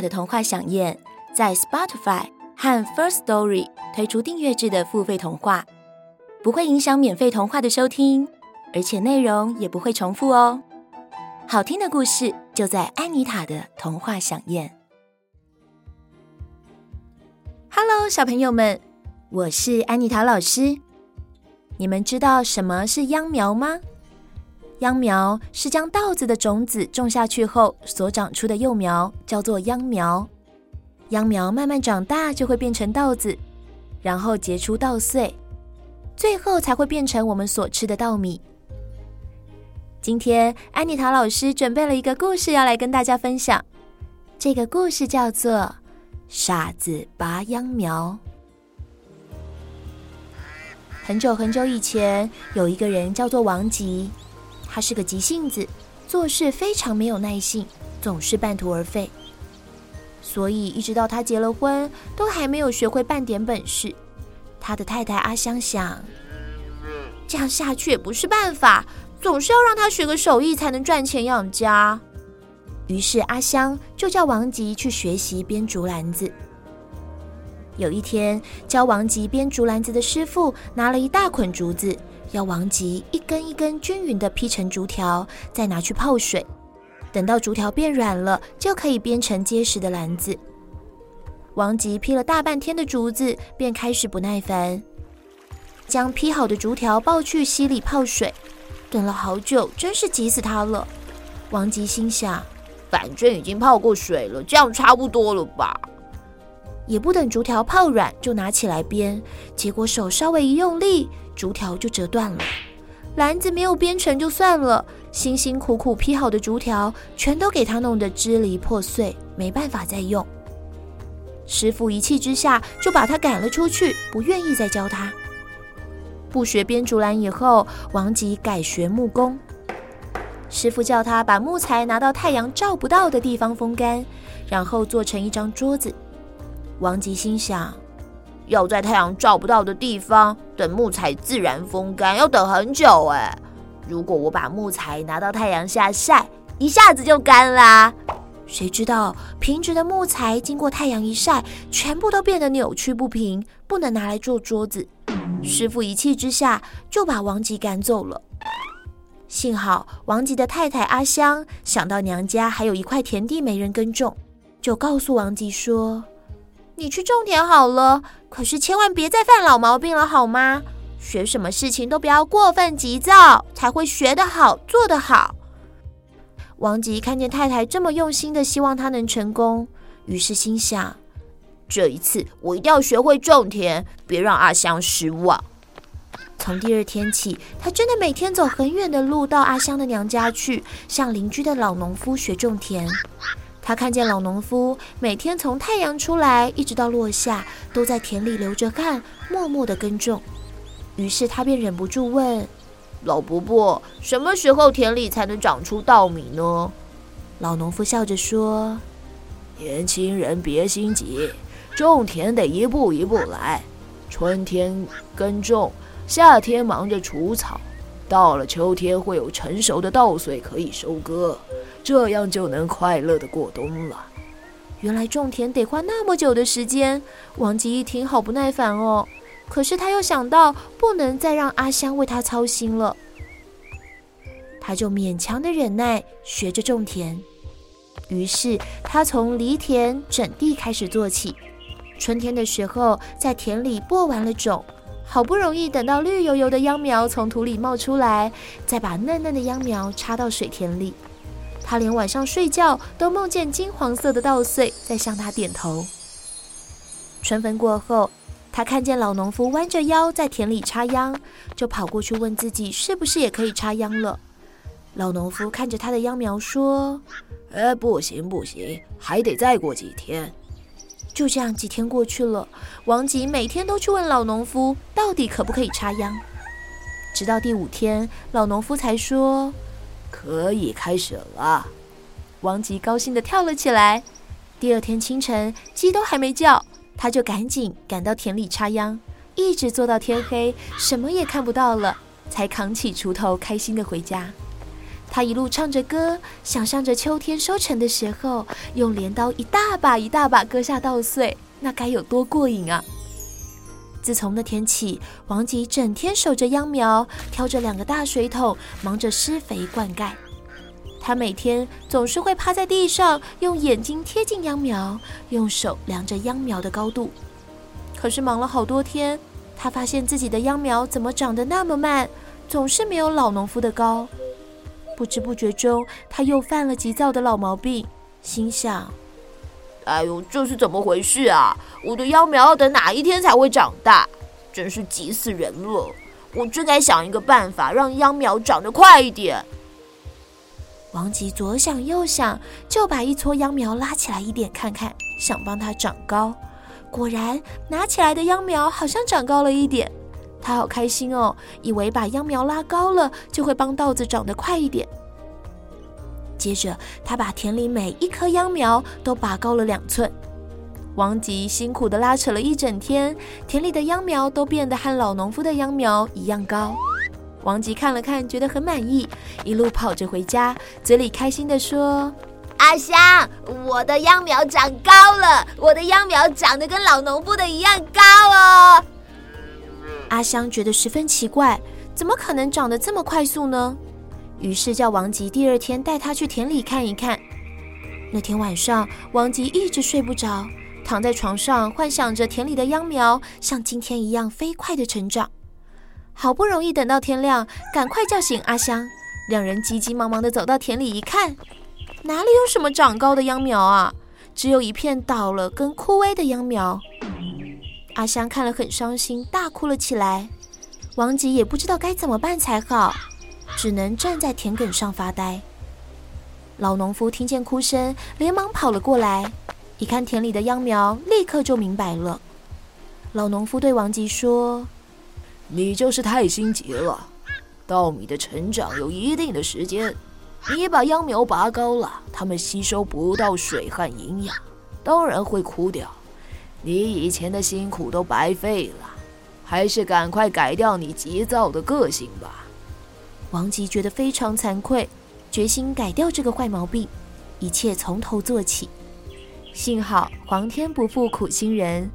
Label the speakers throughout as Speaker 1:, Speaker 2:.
Speaker 1: 的童話饗宴在 Spotify 和 First Story 推出訂閱制的付費童話，不會影響免費童話的收聽，而且內容也不會重複哦。好聽的故事就在安妮塔的童話饗宴。Hello，小朋友們，我是安妮塔老師。你們知道什麼是秧苗嗎？秧苗是將稻子的種子種下去後所長出的幼苗，叫做秧苗。秧苗慢慢長大，就會變成稻子，然後結出稻穗，最後才會變成我們所吃的稻米。今天，安妮塔老師準備了一個故事要來跟大家分享，這個故事叫做《傻子拔秧苗》。很久很久以前，有一個人叫做王吉。他是個急性子，做事非常沒有耐性，總是半途而廢，所以一直到他結了婚，都還沒有學會半點本事。他的太太阿香想，這樣下去也不是辦法，總是要讓他學個手藝才能賺錢養家。於是阿香就叫王吉去學習編竹籃子。有一天，教王吉編竹籃子的師傅拿了一大捆竹子。要王吉一根一根均匀地劈成竹條，再拿去泡水。等到竹條變軟了，就可以編成結實的籃子。王吉劈了大半天的竹子，便開始不耐煩，將劈好的竹條抱去溪裡泡水。等了好久，真是急死他了。王吉心想：反正已經泡過水了，這樣差不多了吧？也不等竹條泡軟，就拿起來編。結果手稍微一用力。竹條就折斷了，籃子沒有編成就算了，辛辛苦苦劈好的竹條全都給他弄得支離破碎，沒辦法再用。師傅一氣之下就把他趕了出去，不願意再教他。不學編竹籃以後，王吉改學木工。師傅叫他把木材拿到太陽照不到的地方風乾，然後做成一張桌子。王吉心想，要在太陽照不到的地方。等木材自然風乾要等很久哎，如果我把木材拿到太陽下曬，一下子就乾啦。誰知道平直的木材經過太陽一曬，全部都變得扭曲不平，不能拿來做桌子。師傅一氣之下就把王吉趕走了。幸好王吉的太太阿香想到娘家還有一塊田地沒人耕種，就告訴王吉說：你去種田好了，可是千萬別再犯老毛病了，好嗎？學什麼事情都不要過分急躁，才會學得好、做得好。王吉看見太太這麼用心的希望他能成功，於是心想：這一次我一定要學會種田，別讓阿香失望。從第二天起，他真的每天走很遠的路到阿香的娘家去，向鄰居的老農夫學種田。他看見老農夫每天從太陽出來一直到落下，都在田裡流著汗，默默的耕種。於是他便忍不住問：“老伯伯，什麼時候田裡才能長出稻米呢？”老農夫笑着說：“年輕人別心急，種田得一步一步來。春天耕種，夏天忙着除草。”到了秋天，會有成熟的稻穗可以收割，這樣就能快樂地過冬了。原來種田得花那麼久的時間，王吉一聽，好不耐煩哦。可是他又想到不能再讓阿香為他操心了，他就勉強地忍耐，學着種田。於是他從犁田、整地開始做起。春天的時候，在田裡播完了種。好不容易等到綠油油的秧苗從土裡冒出來，再把嫩嫩的秧苗插到水田裡，他連晚上睡覺都夢見金黃色的稻穗在向他點頭。春分過後，他看見老農夫彎着腰在田裡插秧，就跑過去問自己是不是也可以插秧了。老農夫看着他的秧苗說：“哎、欸，不行不行，還得再過幾天。”就這樣幾天過去了，王吉每天都去問老農夫到底可不可以插秧。直到第五天，老農夫才說：“可以開始了。”王吉高興的跳了起來。第二天清晨，雞都還沒叫，他就趕緊趕到田裡插秧，一直做到天黑，什麼也看不到了，才扛起鋤頭開心的回家。他一路唱着歌，想象着秋天收成的時候，用鐮刀一大把一大把割下稻穗，那該有多過癮啊！ 自從那天起，王吉整天守着秧苗，挑着兩個大水桶，忙着施肥灌溉。他每天總是會趴在地上，用眼睛貼近秧苗，用手量着秧苗的高度。可是忙了好多天，他發現自己的秧苗怎麼長得那麼慢，總是沒有老農夫的高。不知不覺中，他又犯了急躁的老毛病，心想：“哎呦，這是怎麼回事啊？我的秧苗要等哪一天才會長大？真是急死人了！我真該想一個辦法，讓秧苗長得快一點。”王吉左想右想，就把一撮秧苗拉起來一點看看，想幫它長高。果然，拿起來的秧苗好像長高了一點。他好開心哦，以為把秧苗拉高了就會幫稻子長得快一點。接着，他把田裡每一棵秧苗都拔高了兩寸。王吉辛苦的拉扯了一整天，田裡的秧苗都變得和老農夫的秧苗一樣高。王吉看了看，覺得很滿意，一路跑着回家，嘴裡開心的說：“阿香，我的秧苗長高了，我的秧苗長得跟老農夫的一樣高哦。”阿香覺得十分奇怪，怎麼可能長得這麼快速呢？於是叫王吉第二天帶她去田裡看一看。那天晚上，王吉一直睡不着，躺在床上幻想着田裡的秧苗像今天一樣飛快地成長。好不容易等到天亮，趕快叫醒阿香，兩人急急忙忙地走到田裡一看，哪裡有什麼長高的秧苗啊？只有一片倒了跟枯萎的秧苗。阿香看了很傷心，大哭了起來。王吉也不知道該怎麼辦才好，只能站在田埂上發呆。老農夫聽見哭聲，連忙跑了過來，一看田裡的秧苗，立刻就明白了。老農夫對王吉說：“你就是太心急了。稻米的成長有一定的時間，你把秧苗拔高了，它們吸收不到水和營養，當然會枯掉。”你以前的辛苦都白費了，還是趕快改掉你急躁的個性吧。王吉覺得非常慚愧，決心改掉這個壞毛病，一切從頭做起。幸好皇天不負苦心人，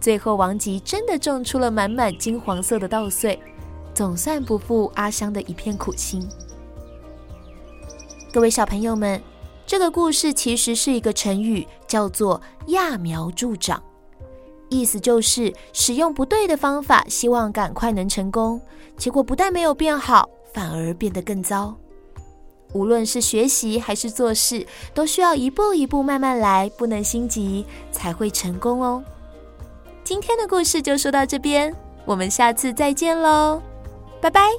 Speaker 1: 最後王吉真的種出了滿滿金黃色的稻穗，總算不負阿香的一片苦心。各位小朋友們，這個故事其實是一個成語，叫做“揠苗助長”。意思就是使用不對的方法，希望趕快能成功，結果不但沒有變好，反而變得更糟。無論是學習還是做事，都需要一步一步慢慢來，不能心急，才會成功哦。今天的故事就說到這邊，我們下次再見嘍，拜拜。